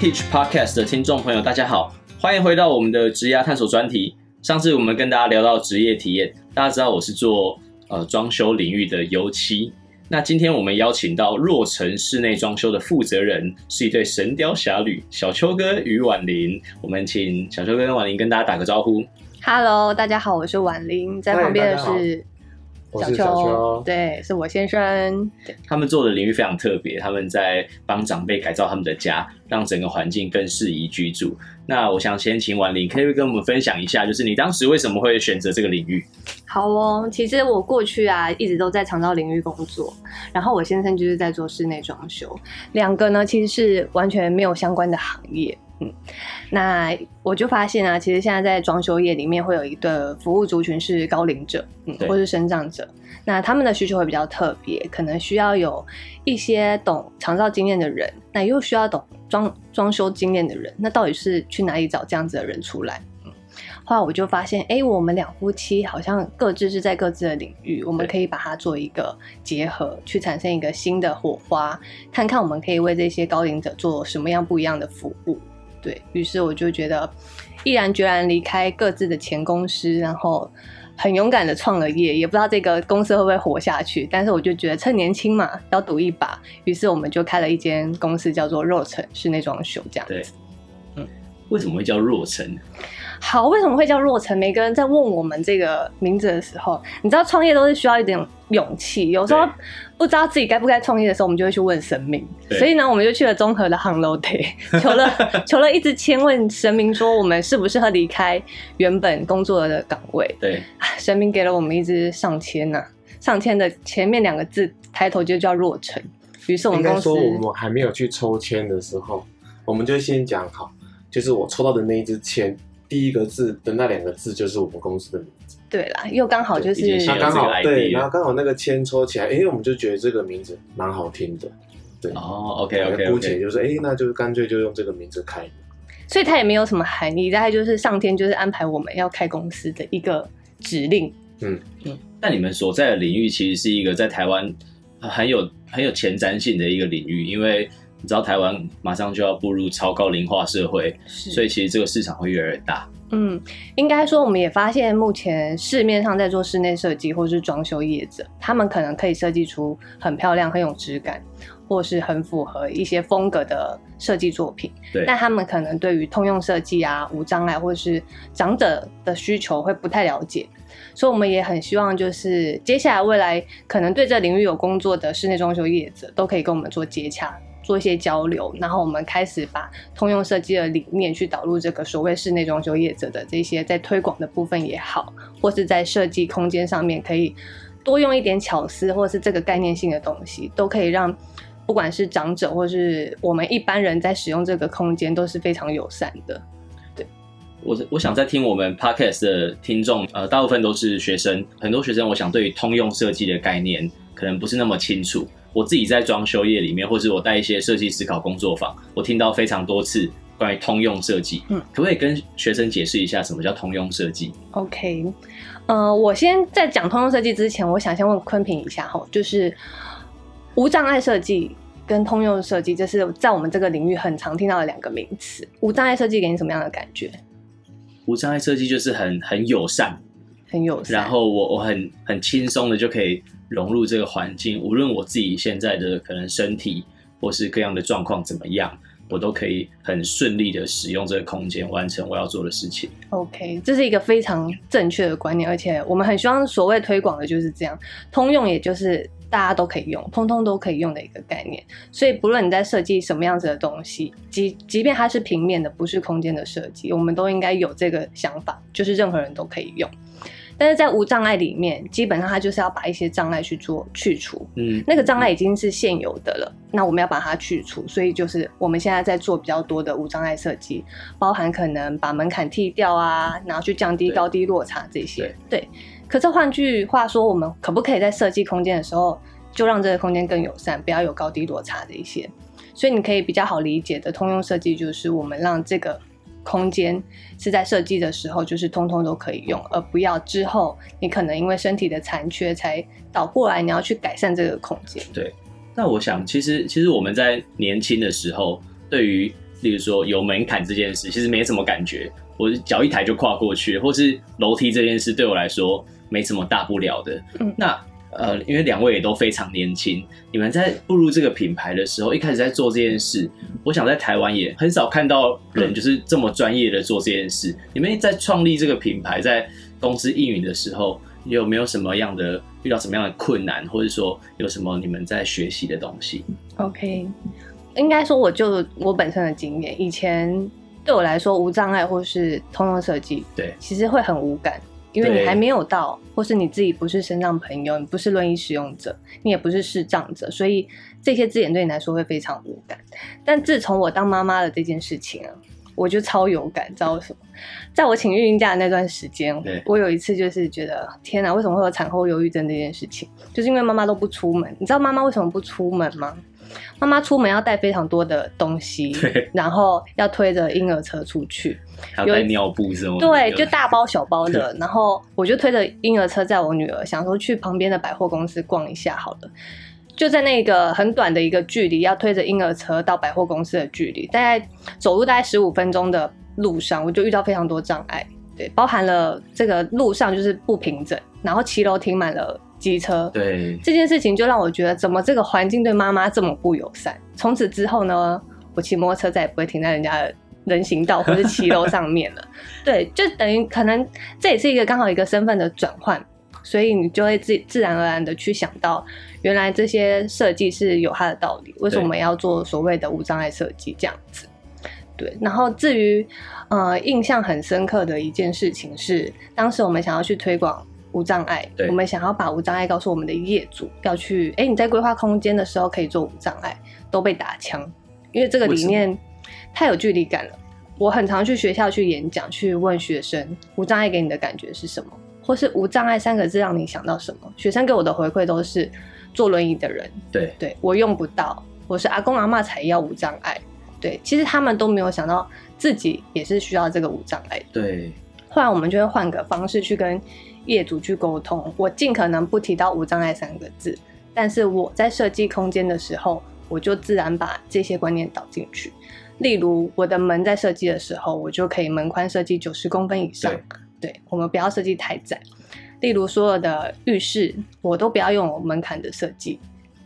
Teach Podcast 的聽眾朋友，大家好，歡迎回到我們的職涯探索專題。上次我們跟大家聊到職業體驗，大家知道我是做呃裝修領域的油漆。那今天我們邀請到若晨室內裝修的負責人是一對《神雕俠侶》小邱哥與宛菱。我們請小邱哥跟宛菱跟大家打個招呼。Hello，大家好，我是宛菱，嗯，在旁邊的是。小邱，對，是我先生對。他們做的領域非常特別，他們在幫長輩改造他們的家，讓整個環境更適宜居住。那我想先請宛菱，可以跟我們分享一下，就是你當時為什麼會選擇這個領域？好哦，其實我過去啊，一直都在長照領域工作，然後我先生就是在做室內裝修，兩個呢其實是完全沒有相關的行業。嗯，那我就發現啊，其實現在在裝修業裡面會有一個服務族群是高齡者，嗯，或是生長者。那他們的需求會比較特別，可能需要有一些懂長照經驗的人，那又需要懂裝裝修經驗的人。那到底是去哪裡找這樣子的人出來？嗯，後來我就發現，哎，我們兩夫妻好像各自是在各自的領域，我們可以把它做一個結合，去產生一個新的火花，看看我們可以為這些高齡者做什麼樣不一樣的服務。對，於是我就覺得毅然決然離開各自的前公司，然後很勇敢的創了業，也不知道這個公司會不會活下去。但是我就覺得趁年輕嘛，要賭一把。於是我們就開了一間公司，叫做若晨，是那裝修這樣子。嗯，為什麼會叫若晨、嗯？好，為什麼會叫若晨？每個人在問我們這個名字的時候，你知道創業都是需要一點勇氣，有時候不知道自己該不該創業的時候，我們就會去問神明。所以呢，我們就去了綜合的 h a n g o day，求了 求了一支籤，問神明說我們適不適合離開原本工作的崗位。對，神明給了我們一支上籤吶、啊，上籤的前面兩個字抬頭就叫若晨。於是我們應該說，我們還沒有去抽籤的時候，我們就先講好，就是我抽到的那一支籤，第一個字的那兩個字就是我們公司的名字。對啦，又剛好就是，啊、剛好、對，然後剛好那個籤抽起來，哎、欸，我們就覺得這個名字蠻好聽的，對哦、oh,，OK OK，姑且就是，哎、欸，那就乾脆就用這個名字開。所以他也沒有什麼含義，大概就是上天就是安排我們要開公司的一個指令。嗯嗯。那你們所在的領域其實是一個在台灣很有很有前瞻性的一個領域，因為你知道台灣馬上就要步入超高齡化社會，所以其實這個市場會越來越大。嗯，應該說，我們也發現目前市面上在做室內設計或是裝修業者，他們可能可以設計出很漂亮、很有質感，或是很符合一些風格的設計作品。對。但他們可能對於通用設計啊、無障礙或是長者的需求會不太了解，所以我們也很希望就是接下來未來可能對這領域有工作的室內裝修業者都可以跟我們做接洽，做一些交流，然後我們開始把通用設計的理念去導入這個所謂室內裝修業者的這些在推廣的部分也好，或是在設計空間上面可以多用一點巧思，或是這個概念性的東西，都可以讓不管是長者或是我們一般人在使用這個空間都是非常友善的。對，我我想在聽我們 podcast 的聽眾，呃，大部分都是學生，很多學生我想對於通用設計的概念可能不是那麼清楚。我自己在裝修業裡面，或是我帶一些設計思考工作坊，我聽到非常多次關於通用設計。嗯，可不可以跟學生解釋一下什麼叫通用設計？OK，嗯、呃，我先在講通用設計之前，我想先問昆平一下就是無障礙設計跟通用設計，就是在我們這個領域很常聽到的兩個名詞。無障礙設計給你什麼樣的感覺？無障礙設計就是很很友善，很友善，然後我我很很輕鬆的就可以。融入這個環境，無論我自己現在的可能身體或是各樣的狀況怎麼樣，我都可以很順利的使用這個空間，完成我要做的事情。OK，這是一個非常正確的觀念，而且我們很希望所謂推廣的就是這樣，通用也就是大家都可以用，通通都可以用的一個概念。所以不論你在設計什麼樣子的東西，即即便它是平面的，不是空間的設計，我們都應該有這個想法，就是任何人都可以用。但是在無障礙裡面，基本上它就是要把一些障礙去做去除。嗯，那個障礙已經是現有的了，嗯，那我們要把它去除。所以就是我們現在在做比較多的無障礙設計，包含可能把門檻剃掉啊，然後去降低高低落差這些。對。對，對，可是換句話說，我們可不可以在設計空間的時候，就讓這個空間更友善，不要有高低落差這一些？所以你可以比較好理解的通用設計就是我們讓這個。空間是在設計的時候，就是通通都可以用，而不要之後你可能因為身體的殘缺才倒過來，你要去改善這個空間。對，那我想其實其實我們在年輕的時候，對於例如說有門檻這件事，其實沒什麼感覺，我腳一抬就跨過去，或是樓梯這件事對我來說沒什麼大不了的。嗯，那。呃，因為兩位也都非常年輕，你們在步入這個品牌的時候，一開始在做這件事，我想在台灣也很少看到人就是這麼專業的做這件事。你們在創立這個品牌，在公司運營的時候，有沒有什麼樣的遇到什麼樣的困難，或者說有什麼你們在學習的東西？OK，應該說我就我本身的經驗，以前對我來說無障礙或是通用設計，對，其實會很無感。因為你還沒有到，或是你自己不是身障朋友，你不是輪椅使用者，你也不是視障者，所以這些字眼對你來說會非常無感。但自從我當媽媽的這件事情啊，我就超有感，知道為什麼？在我請孕孕假的那段時間，我有一次就是覺得，天哪，為什麼會有產後憂鬱症這件事情？就是因為媽媽都不出門，你知道媽媽為什麼不出門嗎？媽媽出門要帶非常多的東西，對，然後要推着嬰兒車出去，還有尿布什麼的。對，就大包小包的，然後我就推着嬰兒車載我女兒想說去旁邊的百貨公司逛一下，好了，就在那個很短的一個距離，要推着嬰兒車到百貨公司的距離，大概走路大概十五分鐘的路上，我就遇到非常多障礙，對，包含了這個路上就是不平整，然後騎樓停滿了。機車。對，這件事情就讓我覺得，怎麼這個環境對媽媽這麼不友善？從此之後呢，我騎摩托車再也不會停在人家的人行道或是騎樓上面了。 對，就等於可能這也是一個剛好一個身份的轉換，所以你就會自自然而然的去想到，原來這些設計是有它的道理，為什麼我們要做所謂的無障礙設計這樣子？對。對然後至於，呃，印象很深刻的一件事情是，當時我們想要去推廣。無障礙，我們想要把無障礙告訴我們的業主，要去哎，欸、你在規劃空間的時候可以做無障礙，都被打槍，因為這個理念太有距離感了。我很常去學校去演講，去問學生，無障礙給你的感覺是什麼，或是無障礙三個字讓你想到什麼？學生給我的回饋都是坐輪椅的人，對，對我用不到，我是阿公阿媽才要無障礙，對，其實他們都沒有想到自己也是需要這個無障礙的，對。後來我們就會換個方式去跟。業主去溝通，我盡可能不提到“無障礙”三個字，但是我在設計空間的時候，我就自然把這些觀念導進去。例如，我的門在設計的時候，我就可以門寬設計九十公分以上，對，對，我們不要設計太窄。例如所有的浴室，我都不要用門檻的設計，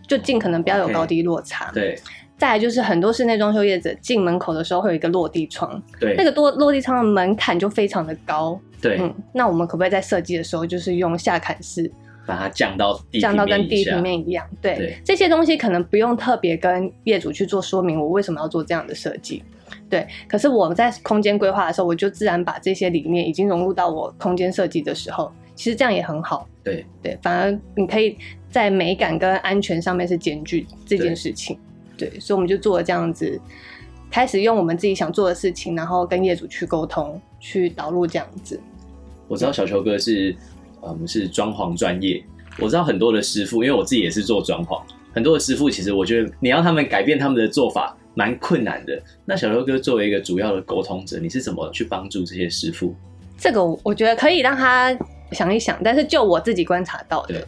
就盡可能不要有高低落差。Okay. 對，再來就是很多室內裝修業者進門口的時候會有一個落地窗，對，那個落落地窗的門檻就非常的高。對，嗯，那我們可不可以在設計的時候，就是用下砍式，把它降到地平面一降到跟地平面一樣，對。對，這些東西可能不用特別跟業主去做說明，我為什麼要做這樣的設計？對，可是我們在空間規劃的時候，我就自然把這些理念已經融入到我空間設計的時候，其實這樣也很好。對、嗯、對，反而你可以在美感跟安全上面是兼具這件事情對。對，所以我們就做了這樣子，開始用我們自己想做的事情，然後跟業主去溝通，去導入這樣子。我知道小邱哥是，呃、嗯，是裝潢專業。我知道很多的師傅，因為我自己也是做裝潢，很多的師傅其實我覺得，你讓他們改變他們的做法，蠻困難的。那小邱哥作為一個主要的溝通者，你是怎麼去幫助這些師傅？這個我覺得可以讓他想一想。但是就我自己觀察到的，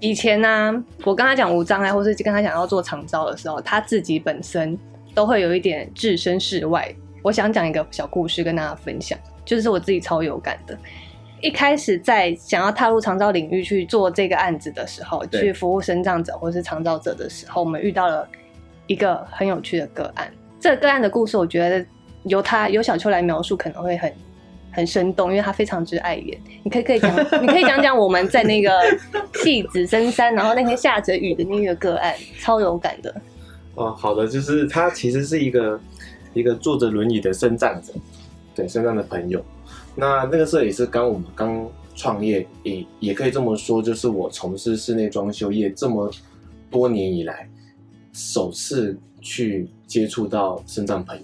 以前呢、啊，我跟他講無障礙、啊，或是跟他講要做長照的時候，他自己本身都會有一點置身事外。我想講一個小故事跟大家分享，就是我自己超有感的。一開始在想要踏入長照領域去做這個案子的時候，去服務身障者或是長照者的時候，我們遇到了一個很有趣的個案。這個個案的故事，我覺得由他由小秋來描述可能會很很生動，因為他非常之愛演。你可以可以講， 你可以講講我們在那個戲子深山，然後那天下着雨的那個個案，超有感的。哦，好的，就是他其實是一個一個坐着輪椅的身障者，對身障的朋友。那那個時候也是剛我們剛創業，也、欸、也可以這麼說，就是我從事室內裝修業這麼多年以來，首次去接觸到身障朋友。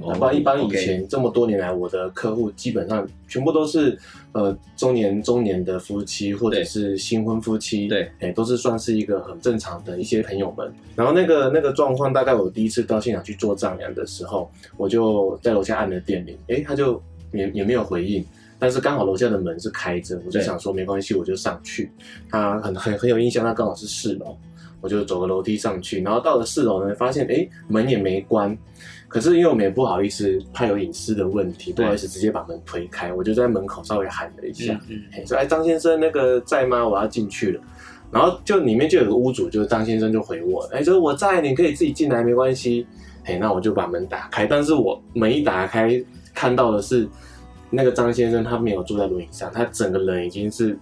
我、嗯嗯、一般以前、okay. 這麼多年來，我的客戶基本上全部都是呃中年中年的夫妻或者是新婚夫妻，對、欸，都是算是一個很正常的一些朋友們。然後那個那個狀況，大概我第一次到現場去做丈量的時候，我就在樓下按了電鈴，哎、欸，他就也也沒有回應，但是剛好樓下的門是開着，我就想說沒關係，我就上去。他很很很有印象，他剛好是四樓，我就走個樓梯上去，然後到了四樓呢，發現哎，門也沒關，可是因為我們也不好意思，怕有隱私的問題，不好意思直接把門推開，我就在門口稍微喊了一下，嗯，說哎張先生那個在嗎？我要進去了。然後就裡面就有個屋主，就是張先生就回我了，哎，說我在，你可以自己進來沒關係。哎，那我就把門打開，但是我門一打開。看到的是，那個張先生他沒有坐在輪椅上，他整個人已經是，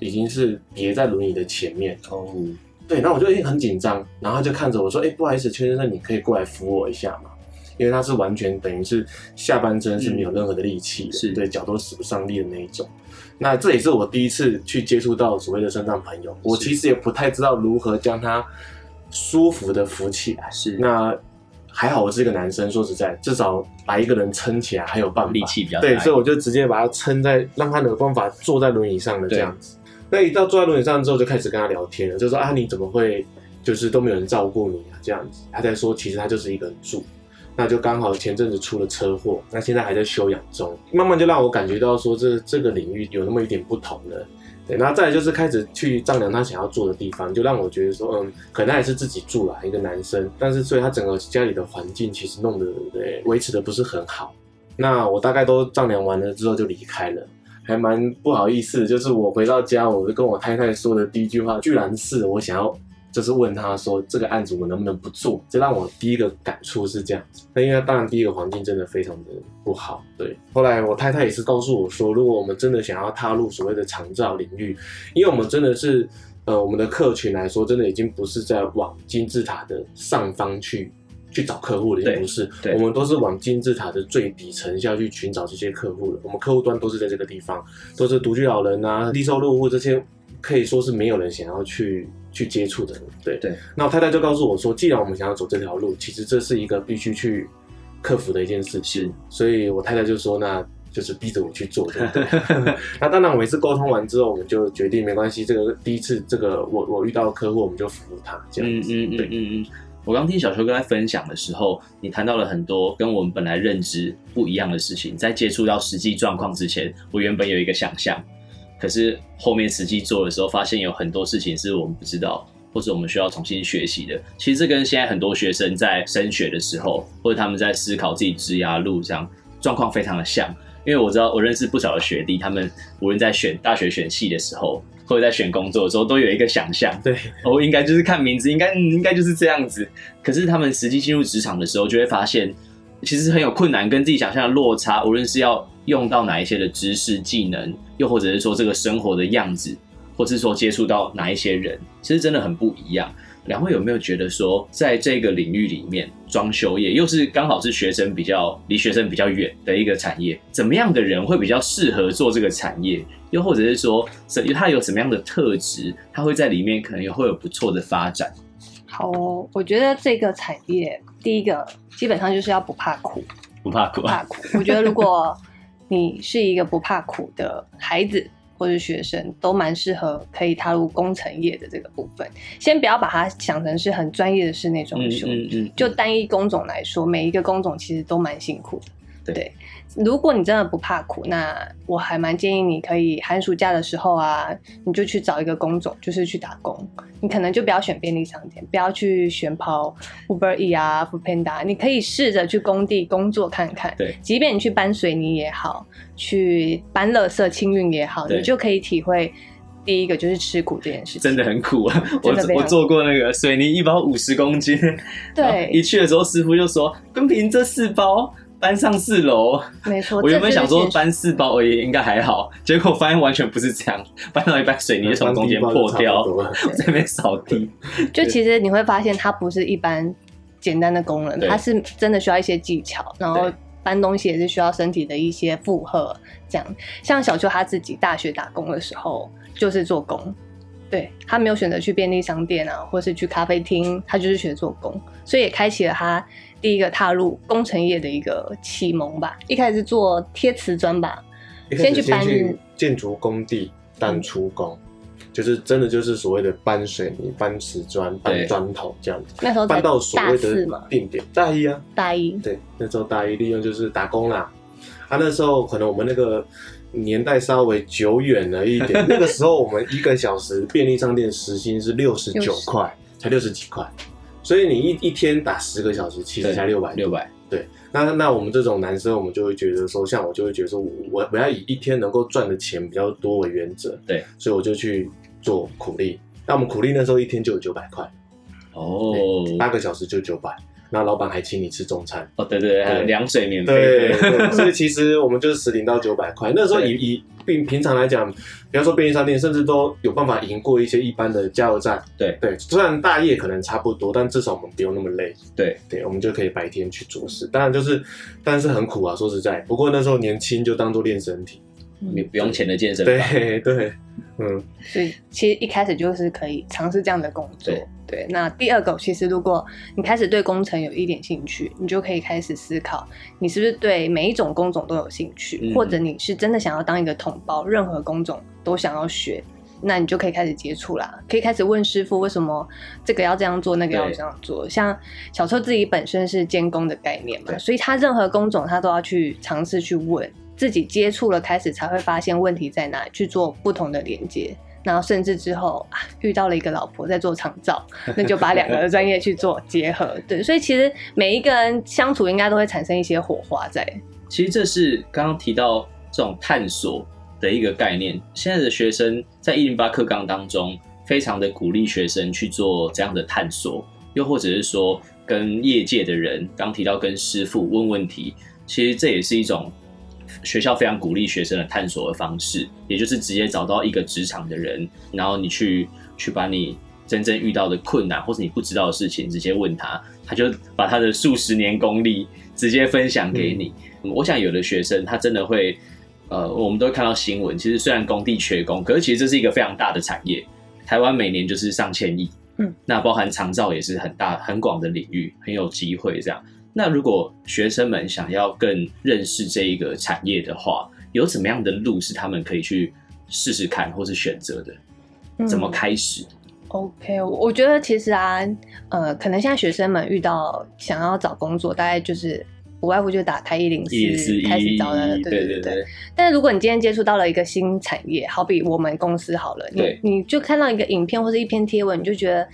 已經是別在輪椅的前面。哦、嗯，對，那我就已經很緊張，然後就看着我說：“哎、欸，不好意思，邱先生，你可以過來扶我一下嗎？因為他是完全等於是下半身是沒有任何的力氣，是、嗯、對，腳都使不上力的那一種。那這也是我第一次去接觸到所謂的身障朋友，我其實也不太知道如何將他舒服的扶起來。是那。還好我是一個男生，說實在，至少把一個人撐起來還有辦法。力氣比較大。對，所以我就直接把他撐在，讓他能有辦法坐在輪椅上的這樣子。那一到坐在輪椅上之後，就開始跟他聊天了，就說啊你怎麼會，就是都沒有人照顧你啊這樣子。他在說，其實他就是一個人住，那就剛好前陣子出了車禍，那現在還在休養中，慢慢就讓我感覺到說這這個領域有那麼一點不同了。那再來就是開始去丈量他想要住的地方，就讓我覺得說，嗯，可能他也是自己住啦、啊，一個男生，但是所以他整個家裡的環境其實弄得對，對維持的不是很好。那我大概都丈量完了之後就離開了，還蠻不好意思。就是我回到家，我就跟我太太說的第一句話，居然是我想要。就是問他說：“這個案子我能不能不做？”這讓我第一個感觸是這樣子。那因為當然第一個環境真的非常的不好。對，後來我太太也是告訴我說：“如果我們真的想要踏入所謂的長照領域，因為我們真的是呃我們的客群來說，真的已經不是在往金字塔的上方去去找客戶了，也不是，我們都是往金字塔的最底層下去尋找這些客戶了。我們客戶端都是在這個地方，都是獨居老人啊、低收入戶這些，可以說是沒有人想要去。”去接觸的人，對對。那我太太就告訴我說，既然我們想要走這條路，其實這是一個必須去克服的一件事情。情。所以我太太就說，那就是逼着我去做，對不對？ 那當然，我每次溝通完之後，我們就決定沒關係，這個第一次，這個我我遇到的客戶，我們就服務他，這樣子。嗯嗯嗯嗯。我剛聽小邱哥在分享的時候，你談到了很多跟我們本來認知不一樣的事情，在接觸到實際狀況之前，我原本有一個想象。可是後面實際做的時候，發現有很多事情是我們不知道，或者我們需要重新學習的。其實這跟現在很多學生在升學的時候，或者他們在思考自己職涯路上狀況非常的像。因為我知道，我認識不少的學弟，他們無論在選大學選系的時候，或者在選工作的時候，都有一個想象，對，我、哦、應該就是看名字，應該應該就是這樣子。可是他們實際進入職場的時候，就會發現其實很有困難，跟自己想象的落差，無論是要。用到哪一些的知識技能，又或者是說這個生活的樣子，或者是說接觸到哪一些人，其實真的很不一樣。兩位有沒有覺得說，在這個領域裡面，裝修業又是剛好是學生比較離學生比較遠的一個產業，怎麼樣的人會比較適合做這個產業？又或者是說，他有什麼樣的特質，他會在裡面可能也會有不錯的發展？好哦，我覺得這個產業，第一個基本上就是要不怕苦，不怕苦啊，不怕苦。我覺得如果 你是一個不怕苦的孩子，或是學生，都蠻適合可以踏入工程業的這個部分。先不要把它想成是很專業的室內裝修，嗯嗯嗯，就單一工種來說，每一個工種其實都蠻辛苦的。對，對，如果你真的不怕苦，那我還蠻建議你可以寒暑假的時候啊，你就去找一個工種，就是去打工。你可能就不要選便利商店，不要去選跑 Uber E 啊，Foodpanda。你可以試着去工地工作看看。對，即便你去搬水泥也好，去搬垃圾清運也好，你就可以體會第一個就是吃苦這件事情。真的很苦啊， 苦我我做過那個水泥一包五十公斤，對，一去的時候師傅就說，公平這四包。搬上四樓，嗯，沒錯。我原本想說搬四包而已應該還好，結果發現完全不是這樣。搬到一半，水泥從中間破掉。 我這邊掃地。就其實你會發現，它不是一般簡單的工人，它是真的需要一些技巧，然後搬東西也是需要身體的一些負荷。這樣，像小邱他自己大學打工的時候，就是做工。對，他沒有選擇去便利商店啊，或是去咖啡廳，他就是學做工，所以也開啟了他。第一個踏入工程業的一個啟蒙吧，一開始做貼瓷磚吧，先去搬運建築工地當出工、嗯，就是真的就是所謂的搬水泥、搬瓷磚、搬磚頭這樣子。那時候搬到所謂的定點大一啊，大一對，那時候大一利用就是打工啦、啊。他、啊、那時候可能我們那個年代稍微久遠了一點， 那個時候我們一個小時便利商店時薪是六十九塊，才六十幾塊。所以你一一天打十個小時，其實才六百。六百，對。那那我們這種男生，我們就會覺得說，像我就會覺得說我，我我要以一天能夠賺的錢比較多為原則。對。所以我就去做苦力。那我們苦力那時候一天就有九百塊。哦。八個小時就九百。那老闆還請你吃中餐。哦，對對對，涼水免費。對。所以其實我們就是十零到九百塊。 那時候以以比平常來講，比方說便利商店，甚至都有辦法贏過一些一般的加油站。對對，雖然大夜可能差不多，但至少我們不用那麼累。對對，我們就可以白天去做事。當然就是，但是很苦啊，說實在，不過那時候年輕，就當做練身體。你不用錢的健身房，對對，嗯，所以其實一開始就是可以嘗試這樣的工作對。對，那第二個，其實如果你開始對工程有一點興趣，你就可以開始思考，你是不是對每一種工種都有興趣，嗯，或者你是真的想要當一個統包，任何工種都想要學，那你就可以開始接觸啦，可以開始問師傅為什麼這個要這樣做，那個要這樣做。像小邱自己本身是監工的概念嘛，所以他任何工種他都要去嘗試去問。自己接觸了，開始才會發現問題在哪裡，去做不同的連接，然後甚至之後啊，遇到了一個老婆在做長照，那就把兩個專業去做結合。對，所以其實每一個人相處應該都會產生一些火花在。其實，這是剛剛提到這種探索的一個概念。現在的學生在一零八課綱當中，非常的鼓勵學生去做這樣的探索，又或者是說跟業界的人，剛提到跟師傅問問題，其實這也是一種。學校非常鼓勵學生的探索的方式，也就是直接找到一個職場的人，然後你去去把你真正遇到的困難，或者你不知道的事情直接問他，他就把他的數十年功力直接分享給你。嗯。我想有的學生他真的會，呃，我們都會看到新聞，其實雖然工地缺工，可是其實這是一個非常大的產業，台灣每年就是上千億，嗯，那包含長照也是很大很廣的領域，很有機會這樣。那如果學生們想要更認識這一個產業的話，有怎麼樣的路是他們可以去試試看或是選擇的？嗯，怎麼開始？OK，我覺得其實啊，呃，可能現在學生們遇到想要找工作，大概就是不外乎就打開一零四開始找的，對對對對，對對對。但如果你今天接觸到了一個新產業，好比我們公司好了，你你就看到一個影片或者一篇貼文，你就覺得。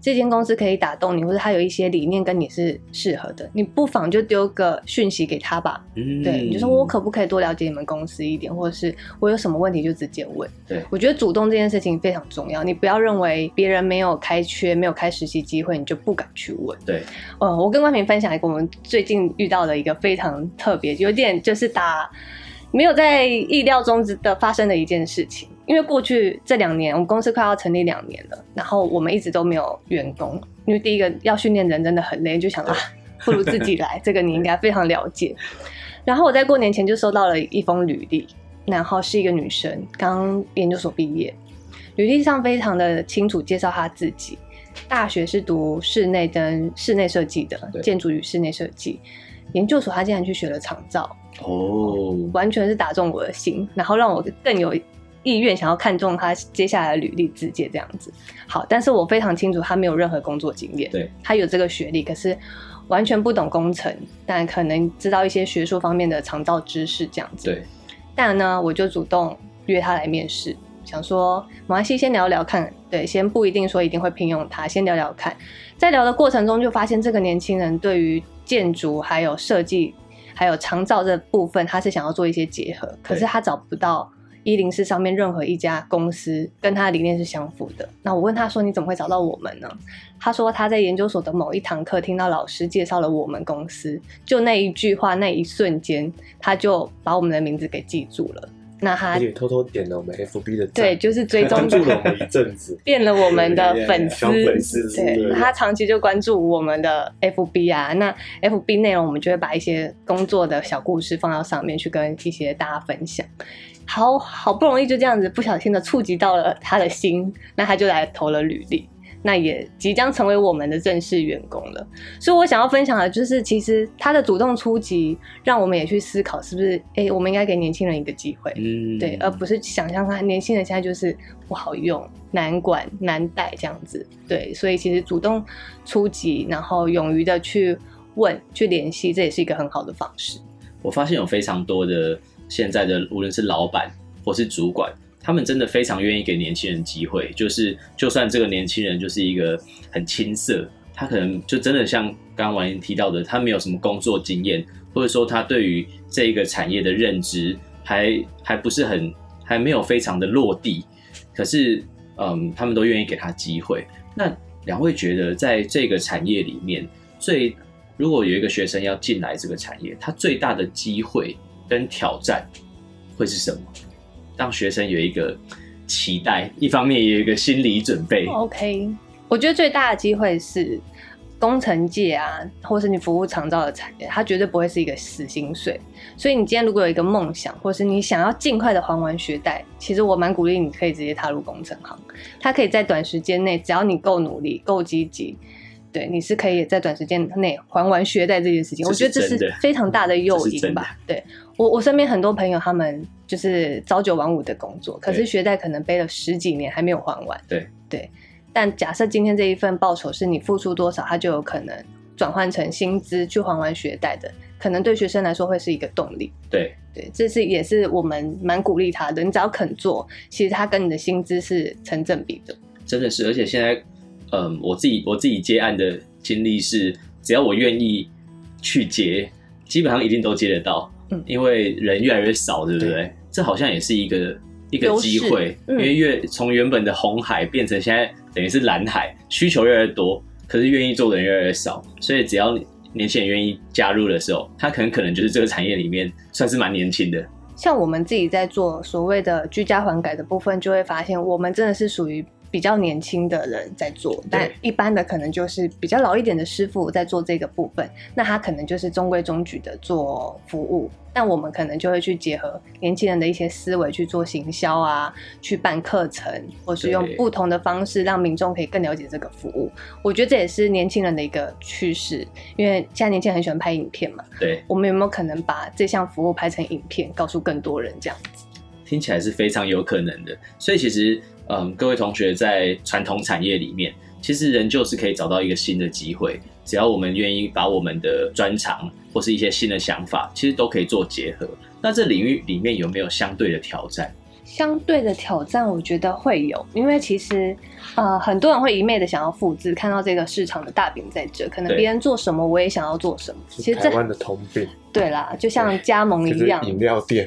這間公司可以打動你，或者它有一些理念跟你是適合的，你不妨就丟個訊息給他吧。嗯、對，你就說我可不可以多了解你們公司一點，或者是我有什麼問題就直接問。對，我覺得主動這件事情非常重要，你不要認為別人沒有開缺、沒有開實習機會，你就不敢去問。對，嗯，我跟宛菱分享一個我們最近遇到的一個非常特別、有點就是打沒有在意料中的發生的一件事情。因為過去這兩年，我們公司快要成立兩年了，然後我們一直都沒有員工。因為第一個要訓練人真的很累，就想不如自己來。這個你應該非常了解。 然後我在過年前就收到了一封履歷，然後是一個女生，剛研究所畢業，履歷上非常的清楚介紹她自己。大學是讀室內跟室內設計的，建築與室內設計。研究所她竟然去學了長照，哦、oh.，完全是打中我的心，然後讓我更有。意願想要看中他接下來的履歷，直接這樣子。好，但是我非常清楚他沒有任何工作經驗。對，他有這個學歷，可是完全不懂工程，但可能知道一些學術方面的長照知識這樣子。對，但呢，我就主動約他來面試，想說馬來西，先聊聊看，對，先不一定說一定會聘用他先聊聊看，在聊的過程中就發現這個年輕人對於建築還有設計還有長照這部分，他是想要做一些結合，可是他找不到。一零四上面任何一家公司跟他的理念是相符的。那我問他說：“你怎麼會找到我們呢？”他說他在研究所的某一堂課聽到老師介紹了我們公司，就那一句話，那一瞬間他就把我們的名字給記住了。那他也偷偷點了我們 F B 的讚，對，就是追蹤住了我們一陣子， 變了我們的粉絲，yeah, yeah, 小粉絲。對，對那他長期就關注我們的 F B 啊。那 F B 內容我們就會把一些工作的小故事放到上面去跟一些大家分享。好好不容易就這樣子，不小心的觸及到了他的心，那他就來投了履歷，那也即將成為我們的正式員工了。所以我想要分享的就是，其實他的主動出擊，讓我們也去思考，是不是哎、欸，我們應該給年輕人一個機會，嗯，對，而不是想象他年輕人現在就是不好用、難管、難帶這樣子，對。所以其實主動出擊，然後勇於的去問、去聯繫，這也是一個很好的方式。我發現有非常多的。嗯現在的無論是老闆或是主管，他們真的非常願意給年輕人機會，就是就算這個年輕人就是一個很青澀，他可能就真的像剛剛宛菱提到的，他沒有什麼工作經驗，或者說他對於這一個產業的認知還還不是很，還沒有非常的落地，可是嗯，他們都願意給他機會。那兩位覺得在這個產業裡面，所以如果有一個學生要進來這個產業，他最大的機會。跟挑戰會是什麼？讓學生有一個期待，一方面也有一個心理準備。Oh, OK，我覺得最大的機會是工程界啊，或是你服務長照的產業，它絕對不會是一個死薪水。所以你今天如果有一個夢想，或是你想要盡快的還完學貸，其實我蠻鼓勵你可以直接踏入工程行，它可以在短時間內，只要你夠努力、夠積極。對，你是可以在短時間內還完學貸這件事情，我覺得這是非常大的誘因吧。對我，我身邊很多朋友，他們就是朝九晚五的工作，可是學貸可能背了十幾年還沒有還完。對對，但假設今天這一份報酬是你付出多少，他就有可能轉換成薪資去還完學貸的，可能對學生來說會是一個動力。對對，對，這是也是我們蠻鼓勵他的。你只要肯做，其實他跟你的薪資是成正比的。真的是，而且現在。嗯，我自己我自己接案的經歷是，只要我願意去接，基本上一定都接得到。嗯，因為人越來越少，嗯、對不對？對。這好像也是一個一個機會、嗯，因為越從原本的紅海變成現在，等於是藍海，需求越來越多，可是願意做的人越來越少。所以只要年輕人願意加入的時候，他可能可能就是這個產業裡面算是蠻年輕的。像我們自己在做所謂的居家環改的部分，就會發現我們真的是屬於。比較年輕的人在做，但一般的可能就是比較老一點的師傅在做這個部分。那他可能就是中規中矩的做服務，那我們可能就會去結合年輕人的一些思維去做行銷啊，去辦課程，或是用不同的方式讓民眾可以更了解這個服務。我覺得這也是年輕人的一個趨勢，因為現在年輕人很喜歡拍影片嘛。對，我們有沒有可能把這項服務拍成影片，告訴更多人這樣子？聽起來是非常有可能的。所以其實。嗯，各位同學在傳統產業裡面，其實仍舊是可以找到一個新的機會，只要我們願意把我們的專長或是一些新的想法，其實都可以做結合。那這領域裡面有沒有相對的挑戰？相對的挑戰，我覺得會有，因為其實，呃，很多人會一昧的想要複製，看到這個市場的大餅在這，可能別人做什麼，我也想要做什麼。其實這台灣的通病。對啦，就像加盟一樣，飲、就是、料店，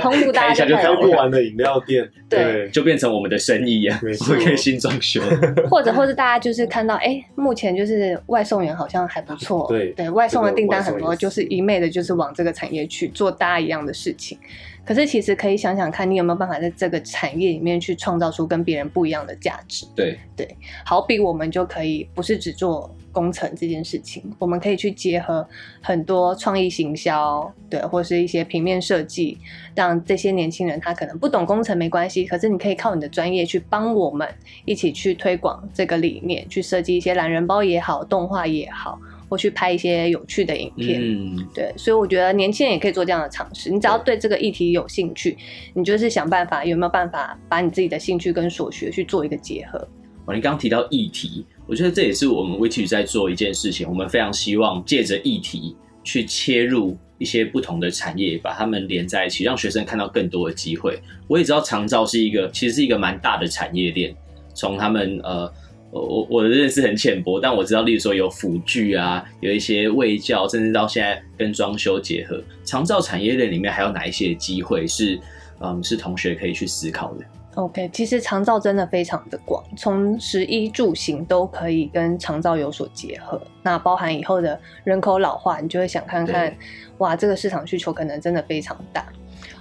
通路大家就開過完的飲料店對，對，就變成我們的生意呀、啊。我們可以新裝修。 或者，或者大家就是看到，哎、欸，目前就是外送員好像還不錯，對，對外送的訂單很多、這個，就是一昧的，就是往這個產業去做，大家一樣的事情。可是其實可以想想看，你有沒有辦法在這個產業裡面去創造出跟別人不一樣的價值？對對，好比我們就可以不是只做工程這件事情，我們可以去結合很多創意行銷，對，或是一些平面設計，讓這些年輕人他可能不懂工程沒關係，可是你可以靠你的專業去幫我們一起去推廣這個理念，去設計一些懶人包也好，動畫也好。或去拍一些有趣的影片，嗯、對，所以我覺得年輕人也可以做這樣的嘗試。你只要對這個議題有興趣，你就是想辦法，有沒有辦法把你自己的興趣跟所學去做一個結合？我剛剛提到議題，我覺得這也是我們為 i 在做一件事情。我們非常希望借着議題去切入一些不同的產業，把它們連在一起，讓學生看到更多的機會。我也知道，長照是一個其實是一個蠻大的產業鏈，從他們呃。我我的認識很淺薄，但我知道，例如說有輔具啊，有一些衛教，甚至到現在跟裝修結合。長照產業鏈裡面還有哪一些機會是，嗯，是同學可以去思考的？OK，其實長照真的非常的廣，從食衣住行都可以跟長照有所結合。那包含以後的人口老化，你就會想看看，哇，這個市場需求可能真的非常大。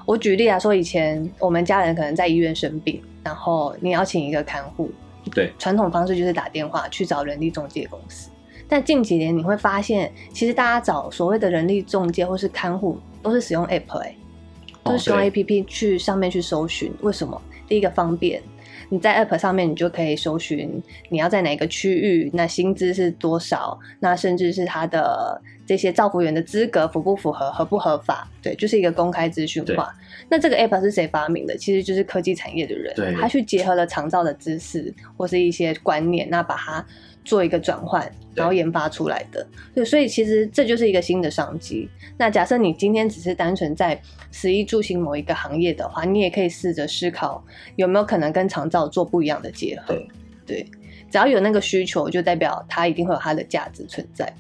我舉例來說，以前我們家人可能在醫院生病，然後你要請一個看護。對，傳統方式就是打電話去找人力中介公司，但近幾年你會發現，其實大家找所謂的人力中介或是看護，都是使用 App 欸，okay. 都是使用 App 去上面去搜尋。為什麼？第一個方便。你在 app 上面，你就可以搜尋你要在哪一個區域，那薪資是多少，那甚至是他的這些照服員的資格符不符合、合不合法？對，就是一個公開資訊化。那這個 app 是誰發明的？其實就是科技產業的人，對對對，他去結合了長照的知識或是一些觀念，那把它做一個轉換，然後研發出來的對。對，所以其實這就是一個新的商機。那假設你今天只是單純在食衣住行某一個行業的話，你也可以試着思考有沒有可能跟長造做不一樣的結合對，對，只要有那個需求，就代表它一定會有它的價值存在。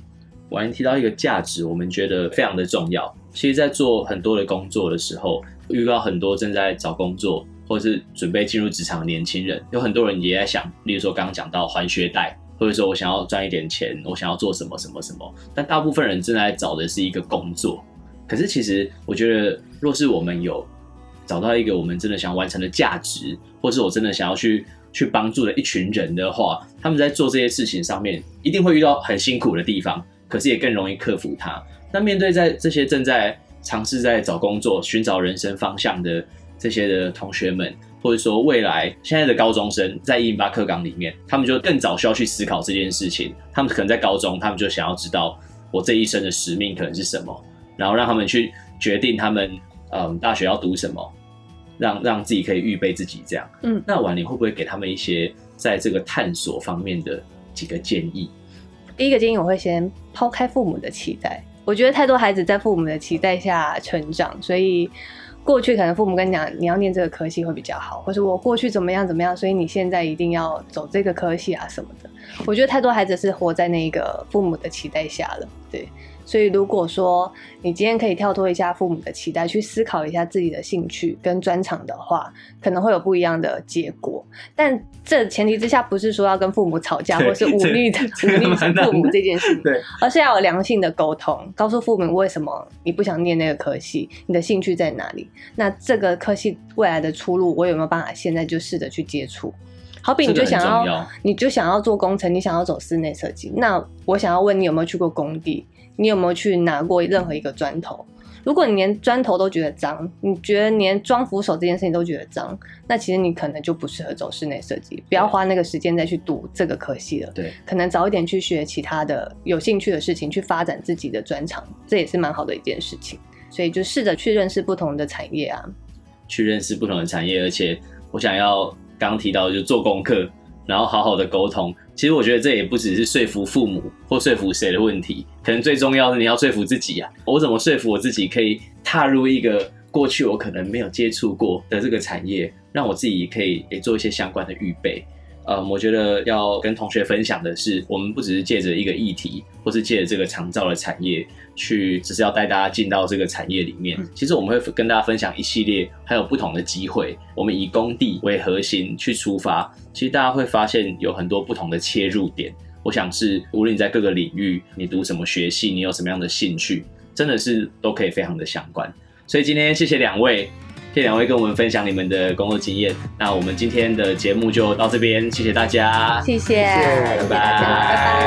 我還提到一個價值，我們覺得非常的重要。其實，在做很多的工作的時候，遇到很多正在找工作或是準備進入職場的年輕人，有很多人也在想，例如說剛剛講到還學貸，或者說我想要賺一點錢，我想要做什麼什麼什麼。但大部分人正在找的是一個工作。可是，其實我覺得，若是我們有找到一個我們真的想完成的價值，或是我真的想要去去幫助的一群人的話，他們在做這些事情上面一定會遇到很辛苦的地方，可是也更容易克服它。那面對在這些正在嘗試在找工作、尋找人生方向的這些的同學們，或者說未來現在的高中生，在一零八課綱裡面，他們就更早需要去思考這件事情。他們可能在高中，他們就想要知道我這一生的使命可能是什麼，然後讓他們去決定他們。嗯，大學要讀什麼，讓讓自己可以預備自己這樣。嗯，那宛菱你會不會給他們一些在這個探索方面的幾個建議？第一個建議，我會先拋開父母的期待。我覺得太多孩子在父母的期待下成長，所以過去可能父母跟你講，你要念這個科系會比較好，或者我過去怎麼樣怎麼樣，所以你現在一定要走這個科系啊什麼的。我覺得太多孩子是活在那個父母的期待下了，對。所以，如果說你今天可以跳脫一下父母的期待，去思考一下自己的興趣跟專長的話，可能會有不一樣的結果。但這前提之下，不是說要跟父母吵架，或是忤逆的忤逆父母這件事，這個這個，而是要有良性的溝通，告訴父母為什麼你不想念那個科系，你的興趣在哪裡。那這個科系未來的出路，我有沒有辦法？現在就試着去接觸。好比你就想要，這個，要你就想要做工程，你想要走室內設計，那我想要問你有沒有去過工地？你有沒有去拿過任何一個磚頭？如果你連磚頭都覺得髒，你覺得連裝扶手這件事情都覺得髒，那其實你可能就不適合走室內設計，不要花那個時間再去讀這個科系了。對，可能早一點去學其他的有興趣的事情，去發展自己的專長，這也是蠻好的一件事情。所以就試着去認識不同的產業啊，去認識不同的產業。而且我想要剛提到的就是做功課。然後好好的溝通，其實我覺得這也不只是說服父母或說服誰的問題，可能最重要的是你要說服自己啊。我怎麼說服我自己可以踏入一個過去我可能沒有接觸過的這個產業，讓我自己可以也做一些相關的預備。呃、嗯，我覺得要跟同學分享的是，我們不只是借着一個議題，或是借着這個長照的產業去，只是要帶大家進到這個產業裡面。其實我們會跟大家分享一系列還有不同的機會。我們以工地為核心去出發，其實大家會發現有很多不同的切入點。我想是無論你在各個領域，你讀什麼學系，你有什麼樣的興趣，真的是都可以非常的相關。所以今天謝謝兩位。謝謝兩位跟我們分享你們的工作經驗，那我們今天的節目就到這邊，謝謝大家，謝謝，拜拜，謝謝，謝謝大家，拜拜。